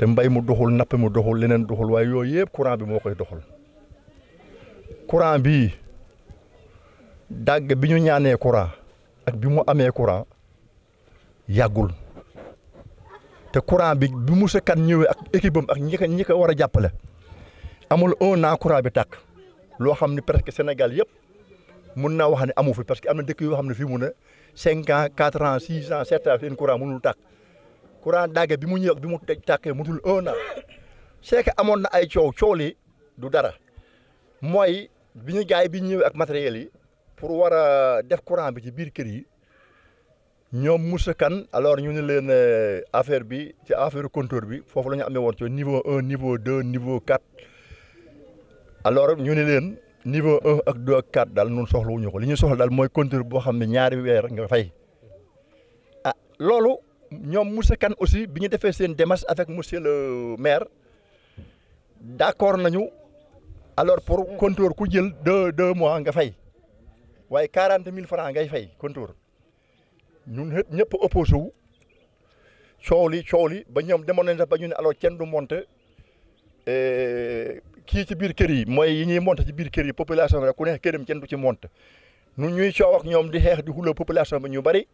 te mbay mu doxul napp mu doxul leneen doxul waaye yooyu yëpp courant bi moo koy doxal courant bi dàgg bi ñu ñaanee courant ak bi mu amee courant yàggul te courant bi bi Moussa Kane ñëwee ak équipe am ak ñi ko war a jàppale amul un an courant bi tàkk loo xam ni ne presque Sénégal yëpp mun naa wax ne amu fi parce que am na dëkk yoo xam ne fi mu ne cinq ans quatre ans six ans sept ans seen courant mënul tàkk. courant dagge bi mu ñëw bi mu tàkkee mutul un an c'est amoon na ay coow coow li du dara mooy bi ñu gaay bi ñëwee ak matériels yi pour war a def courant bi ci biir kër yi ñoom Moussa Kane alors ñu ne leen euh, affaire bi ci affaire compteur bi foofu la ñu amee woon ci niveau un niveau deux niveau quatre alors ñu ne leen niveau un ak deux ak quatre daal ñun ko li ñu soxla daal mooy compteur boo xam ne ñaari weer nga fay ah loolu. ñoom monsieur Kane aussi bi ñu defee seen démarche avec monsieur le maire d' accord nañu alors pour contour ku jël deux deux mois nga fay waaye quarante mille francs ngay fay contour ñun ñëpp opposé wu coow li coow li ba ñoom demoon nañ sax ba ñu ne alors kenn du monter kii ci biir kër yi mooy yi ñuy monter ci biir kër yi population bi rek ku nekk këram kenn du ci monter ñun ñuy coow ak ñoom di xeex di xuloo population bi ñu bari.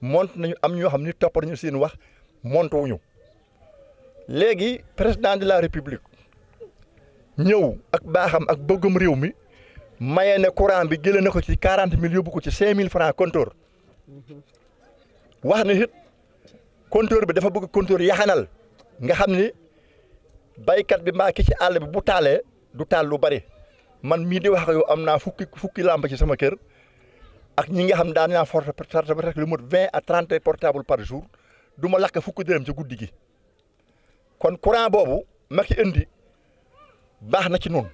mont nañu am ñoo xam ni topp nañu seen wax monté wuñu léegi président de la république ñëw ak baaxam ak bëggum réew mi maye ne courant bi jëlee na ko ci quarante mille yóbbu ko ci cinq mille franc compteur wax ne it compteur bi dafa bëgg compteur yaxanal nga xam ni baykat bi mbaa ki ci àll bi bu taalee du taal lu bari man mii di wax ak yow am naa fukki fukki làmp ci sama kër. ak ñi nga xam daan naa forte forte ba rek lu mot vingt à trente par jour du ma lakk fukk dërëm ci guddi gi kon courant boobu ma ki indi baax na ci noonu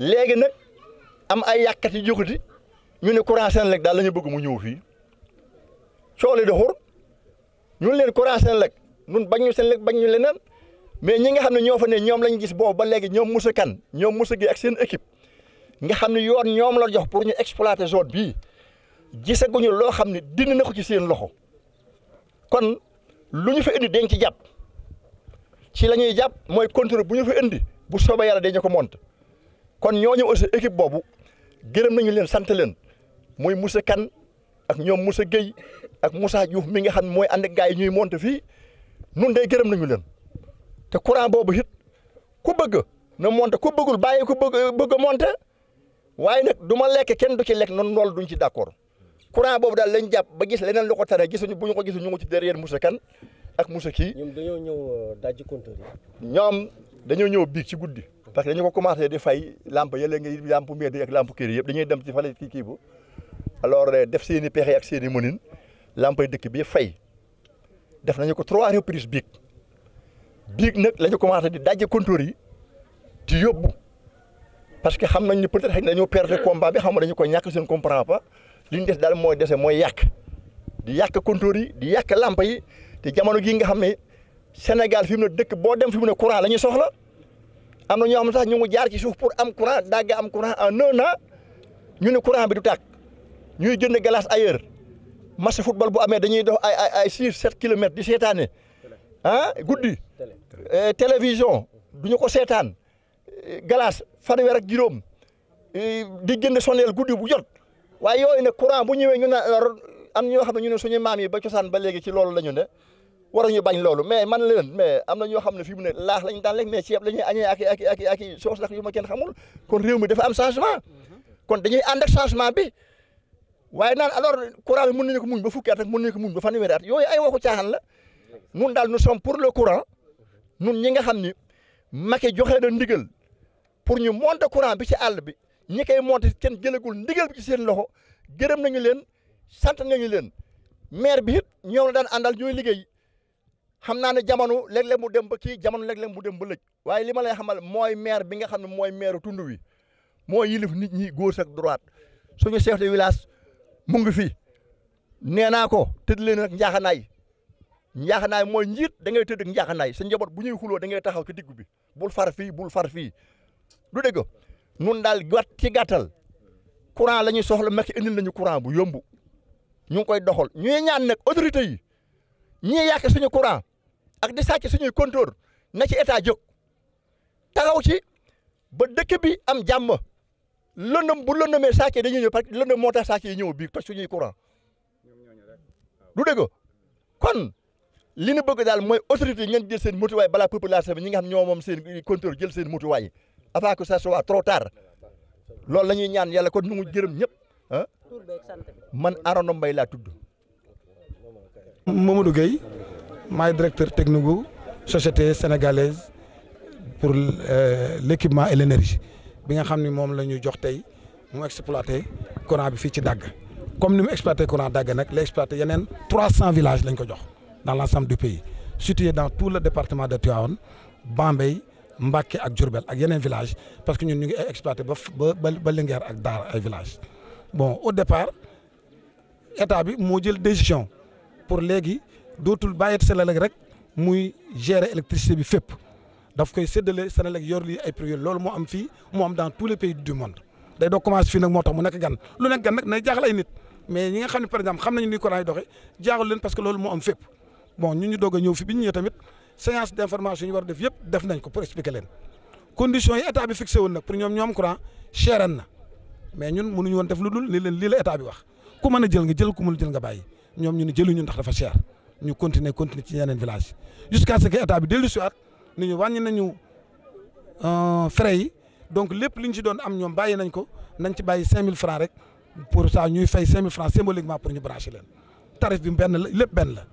léegi nag am ay yàkkat yu jógati ñu ne courant Senelec daal la ñu bëgg mu ñëw fii coole de xur ñu leen courant Senelec ñun bañ ñu Senelec bañ ñu leneen mais ñi nga xam ne ñoo fa ne ñoom lañ gis boobu ba léegi ñoom Moussa Kane ñoom musa gi ak seen équipe nga xam ne yoon ñoom la jox pour ñu exploiter zone bii. gisaguñu loo xam ne dindi na ko ci seen loxo kon lu ñu fa indi dañ ci jàpp ci la ñuy jàpp mooy contrôle bu ñu fa indi bu soobee yàlla dañu ko monte kon ñooñu aussi équipe boobu gërëm nañu leen sant leen muy Moussa kan ak ñoom musa Gueye ak Moussa Diouf mi nga xam ne mooy ànd ak gars yi ñuy monte fii nun day gërëm nañu leen te courant boobu it ku bëgg na monte ku bëggul bàyyi ku bëgg bëgg a waaye nag du ma lekk kenn du ci lekk noonu loolu duñu ci d'accord courant boobu daal lañ jàpp ba gis leneen lu ko tere gisuñu bu ñu ko gisu ñu ngi ci derrière Moussa Kane ak Moussa kii. ñoom dañoo ñëw euh, dajji ñoom dañoo ñëw biig ci guddi. parce que dañu ko commencé di fay lampe yële ngay lampe mbedd ak lampe kër yëpp dañuy dem ci fale kii kii bu alors euh, def seeni i pexe ak seen i mënin lampe dëkk bi fay def nañu ko trois reprises biig biig nag la ñu commencé di dajji compteur yi di yóbbu. parce que xam nañ ne peut être xëy na dañoo perdre mm. combat bi xam nga dañu ko ñàkk seen comprendre pas li ñu des daal mooy dese mooy yàq di yàq compteur yi di yàq lamp yi te jamono gii nga xam ne Sénégal fi mu dëkk boo dem fi mu ne courant la ñuy soxla am na ñoo xam ne sax ñu ngi jaar ci suuf pour am courant dagg am courant en un na ñu ne courant bi du tàkk ñuy jënd glace ailleurs match football boo amee dañuy dox ay ay ay six sept kilomètres di seetaane ah guddi eh, télévision du ñu ko seetaan. galaas fanweer ak juróom eh, di jënd sonel guddi bu jot waaye yooyu na courant bu ñëwee ñu ne eh, am ñoo xam ne ñu ne suñu maam yi ba cosaan ba léegi ci loolu la ñu ne war ñu bañ loolu mais man leen mais am na ñoo xam ne fi mu ne laax lañ daan lekk mais ceeb la ñuy añee ak ak ak ak soos yu ma kenn xamul kon réew mi dafa am changement kon dañuy ànd ak changement bi waaye naan alors courant bi mën nañu ko muñ ba fukki at mun mën nañu ko muñ ba fanweeri at yooyu ay waxu caaxaan la nun daal nous sommes pour le courant nun ñi nga xam ni Macky joxe na ndigal pour ñu moonte courant bi ci àll bi ñi koy monter kenn jëlagul ndigal bi ci seen loxo gërëm nañu leen sant nañu leen maire bi it ñoom la daan àndal ñooy liggéey xam naa ne jamono léeg-léeg mu dem ba kii jamono léeg-léeg mu dem ba lëj waaye li ma lay xamal mooy maire bi nga xam ne mooy maire tund wi moo yilif nit ñi gauche ak droite suñu chef de village mu ngi fi nee naa ko tëdd leen nag njaaxanaay njaaxanaay mooy njiit da ngay tëdd ak njaaxanaay sa njaboot bu ñuy xuloo da ngay taxaw ci digg bi bul far fii bul far fii du dëgg nun daal gàtt ci gàttal courant la ñuy soxla Macky indil nañu courant bu yombu ñu ngi koy doxal ñuy ñaan nag autorité yi ñii yàq suñu courant ak di sàcc suñuy compteur na ci état jóg taxaw ci ba dëkk bi am jàmm lëndëm bu lëndëmee sàcc dañuy ñëw parce que lëndëm moo tax sàcc yi ñëw bii parce que suñuy courant du dëgg kon li ñu bëgg daal mooy autorité yi ngeen jël seen mutuwaay balaa population bi ñi nga xam ñoo moom seen compteur jël seen mutuwaay avant que ça soit trop tard loolu la ñuy ñaan yàlla ko ñu ngi gërëm ñëpp ah. man Arona Mbaye laa tudd. Mamadou Gueye maay directeur technique société sénégalaise pour euh, l' équipement et l' bi nga xam ni moom la ñu jox tey mu exploité courant bi fii ci Dagg comme ni mu exploité courant Dagg nag la exploité yeneen 300 villages lañ ko jox dans l' ensemble du pays situé dans tout le département de Tivaouane Bambey. Mbacké ak Diourbel ak yeneen village parce que ñun ñu ngi ay exploité ba ba ba Linguère ak Daara ay village bon au départ état bi moo jël décision pour léegi dootul bàyyi Senelec rek muy gérer électricité bi fépp daf koy séddale Senelec yor lii ay privé loolu moo am fii moo am dans tous les pays du monde day doo commencé fii nag moo tax mu nekk gan lu nekk gan nag jaaxal ay nit mais ñi xam ne par exemple xam nañu ni courant yi doxee jaaxul leen parce que loolu moo am fépp. bon ñu ñu doog a ñëw fi bi ñu ñëwee tamit séance d' information yi ñu war a def yëpp def nañ ko pour expliquer leen conditions yi état bi fixé woon nag pour ñoom ñoom courant cheran na mais ñun mënuñu woon def lu dul li leen lii la état bi wax ku mën a jël nga jël ku mën jël nga bàyyi ñoom ñu ne jëluñu ndax dafa cher ñu continuer continuer ci yeneen village jusqu'à ce que état bi dellu si waat ni ñu wàññi nañu euh, frais yi donc lépp li ñu si doon am ñoom bàyyi nañ ko nañ ci bàyyi mille francs rek pour ça ñuy fay 5000 francs symboliquement pour ñu branché leen tarif benn la lépp benn la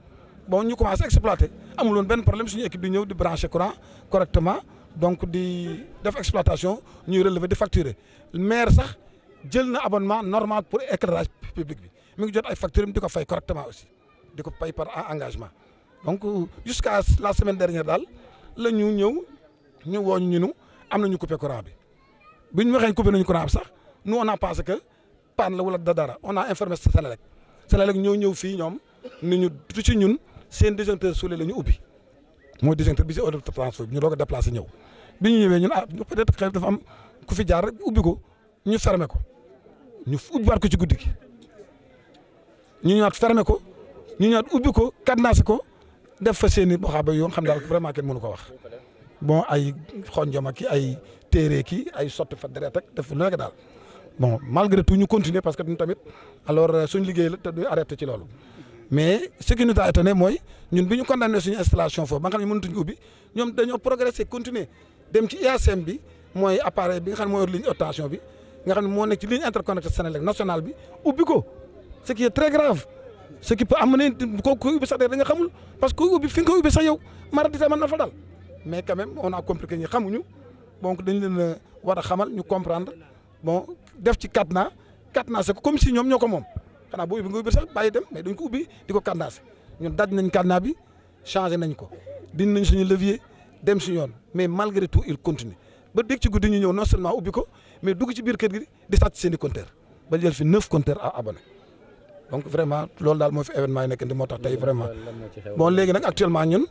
bon ñu commencé exploiter amul woon benn problème suñu équipe di ñëw di brancher courant correctement donc di def exploitation ñuy relever de facturer maire sax jël na abonnement normal pour éclairage public bi mi ngi jot ay factures di ko fay correctement aussi di ko fay par engagement donc jusqu'à la semaine dernière daal la ñu ñëw ñu woo ñu nu am nañu coupé courant bi bi ñu waxee coupé nañu courant bi sax nous a pensé que panne la wala da dara on a informé Sénélec Sénélec ñoo ñëw fii ñoom ni ñu du ci ñun. seen disjoncteur suule la ñu ubbi mooy disjoncteur bi si oto transfert bi ñu doog a ñëw bi ñu ñëwee ñun ah peut-être xëy dafa am ku fi jaar ubbi ko ñu fermé ko ñu ubbiwaat ko ci guddi ki ñu ñaat fermé ko ñu ñëwaat ubbi ko cadenassé ko def fa seen i ba yoo xam daal vraiment kenn mënu ko wax bon ay xonjoma ki ay téere ki ay sotti fa deret ak def lu nekk daal bon malgré tout ñu continuer parce que ñun tamit alors suñ liggéey la te du arrêté ci loolu. mais ce qui nous a étonné mooy ñun bi ñu condamné suñu installation foofu ba nga xam ne mënatuñu ubbi ñoom dañoo progressé continuer dem ci IACM bi mooy appareil bi nga xam ne mooy ligne haute tension bi nga xam ne moo nekk ci ligne interconnectée Senelec nationale bi ubbi ko ce qui est très grave ce qui peut amener ko ko ubbi sax da nga xamul parce que ubbi fi nga ubbi sax yow maradi mën na fa dal mais quand même on a compris que ñi xamuñu donc dañ leen war a xamal ñu comprendre bon def ci cadenas cadenas c'est comme si ñoom ñoo ko moom. kana boo ubbi nga ubbi sax bàyyi dem mais dañ ko ubbi di ko kandaase ñun daj nañ kandaa bi changé nañ ko di nañ suñu levier dem si yoon mais malgré tout il continue ba dégg ci guddi ñu ñëw non seulement ubbi ko mais dugg ci biir kër gi di sàcc seeni i compteur ba jël fi neuf compteur à abonné donc vraiment loolu daal moo fi événement yi nekk ndi moo tax tey vraiment bon léegi nag actuellement ñun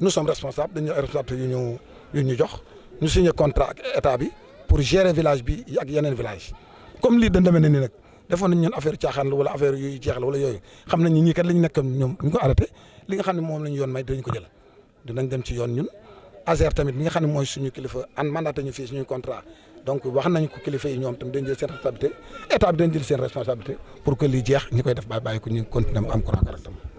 nu sommes responsables dañu responsable yu ñu yu ñu jox ñu signé contrat état bi pour gérer village bi ak yeneen village comme lii dañ demee ne nii nag defoon na ñun affaire caaxaan la wala affaire yuy jeex la wala yooyu xam nañ ni ñii kat lañ nekk ñoom ñu ko arrêté li nga xam ne moom lañ yoon may dinañ ko jël dinañ dem ci yoon ñun ASER tamit xam ne mooy suñu kilifa an mandaté ñu fii suñu contrat donc wax nañ ko kilifa yi ñoom tam dañ jël seen responsabilité état bi dañ jël seen responsabilité pour que lii jeex ñi koy def bàyyi bàyyi ko ñu continuer am courant correctement